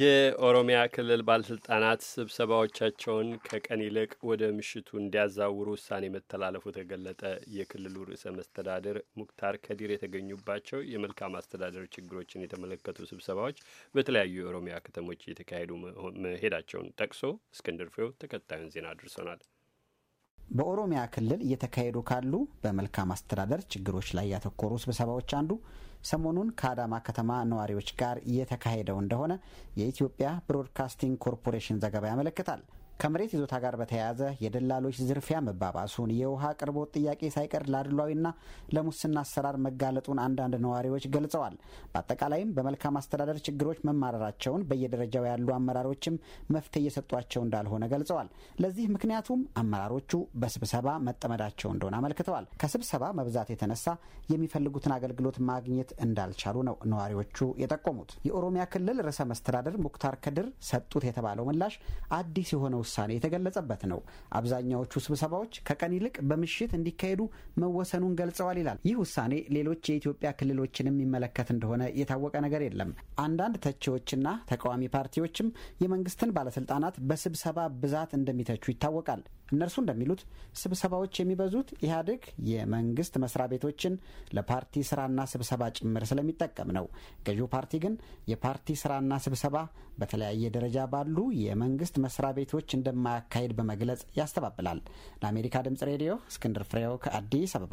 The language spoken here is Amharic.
የኦሮሚያ ክልል ባለስልጣናት ስብሰባዎቻቸውን ከቀን ይልቅ ወደ ምሽቱ እንዲያዛውሩ ውሳኔ መተላለፉ ተገለጠ። የክልሉ ርዕሰ መስተዳድር ሙክታር ከዲር የተገኙባቸው የመልካም አስተዳደር ችግሮችን የተመለከቱ ስብሰባዎች በተለያዩ የኦሮሚያ ከተሞች እየተካሄዱ መሄዳቸውን ጠቅሶ እስክንድር ፍሬው ተከታዩን ዜና አድርሶናል። በኦሮሚያ ክልል እየተካሄዱ ካሉ በመልካም አስተዳደር ችግሮች ላይ ያተኮሩ ስብሰባዎች አንዱ ሰሞኑን ከአዳማ ከተማ ነዋሪዎች ጋር እየተካሄደው እንደሆነ የኢትዮጵያ ብሮድካስቲንግ ኮርፖሬሽን ዘገባ ያመለክታል። ከመሬት ይዞታ ጋር በተያያዘ የደላሎች ዝርፊያ መባባሱን፣ የውሃ አቅርቦት ጥያቄ ሳይቀር ለአድሏዊና ለሙስና አሰራር መጋለጡን አንዳንድ ነዋሪዎች ገልጸዋል። በአጠቃላይም በመልካም አስተዳደር ችግሮች መማረራቸውን በየደረጃው ያሉ አመራሮችም መፍትሄ እየሰጧቸው እንዳልሆነ ገልጸዋል። ለዚህ ምክንያቱም አመራሮቹ በስብሰባ መጠመዳቸው እንደሆነ አመልክተዋል። ከስብሰባ መብዛት የተነሳ የሚፈልጉትን አገልግሎት ማግኘት እንዳልቻሉ ነው ነዋሪዎቹ የጠቆሙት። የኦሮሚያ ክልል ርዕሰ መስተዳደር ሙክታር ከድር ሰጡት የተባለው ምላሽ አዲስ የሆነ ውሳኔ ውሳኔ የተገለጸበት ነው። አብዛኛዎቹ ስብሰባዎች ከቀን ይልቅ በምሽት እንዲካሄዱ መወሰኑን ገልጸዋል ይላል። ይህ ውሳኔ ሌሎች የኢትዮጵያ ክልሎችን የሚመለከት እንደሆነ የታወቀ ነገር የለም። አንዳንድ ተቺዎችና ተቃዋሚ ፓርቲዎችም የመንግስትን ባለስልጣናት በስብሰባ ብዛት እንደሚተቹ ይታወቃል። እነርሱ እንደሚሉት ስብሰባዎች የሚበዙት ኢህአዴግ የመንግስት መስሪያ ቤቶችን ለፓርቲ ስራና ስብሰባ ጭምር ስለሚጠቀም ነው። ገዢው ፓርቲ ግን የፓርቲ ስራና ስብሰባ በተለያየ ደረጃ ባሉ የመንግስት መስሪያ ቤቶች እንደማያካሄድ በመግለጽ ያስተባብላል። ለአሜሪካ ድምጽ ሬዲዮ እስክንድር ፍሬው ከአዲስ አበባ።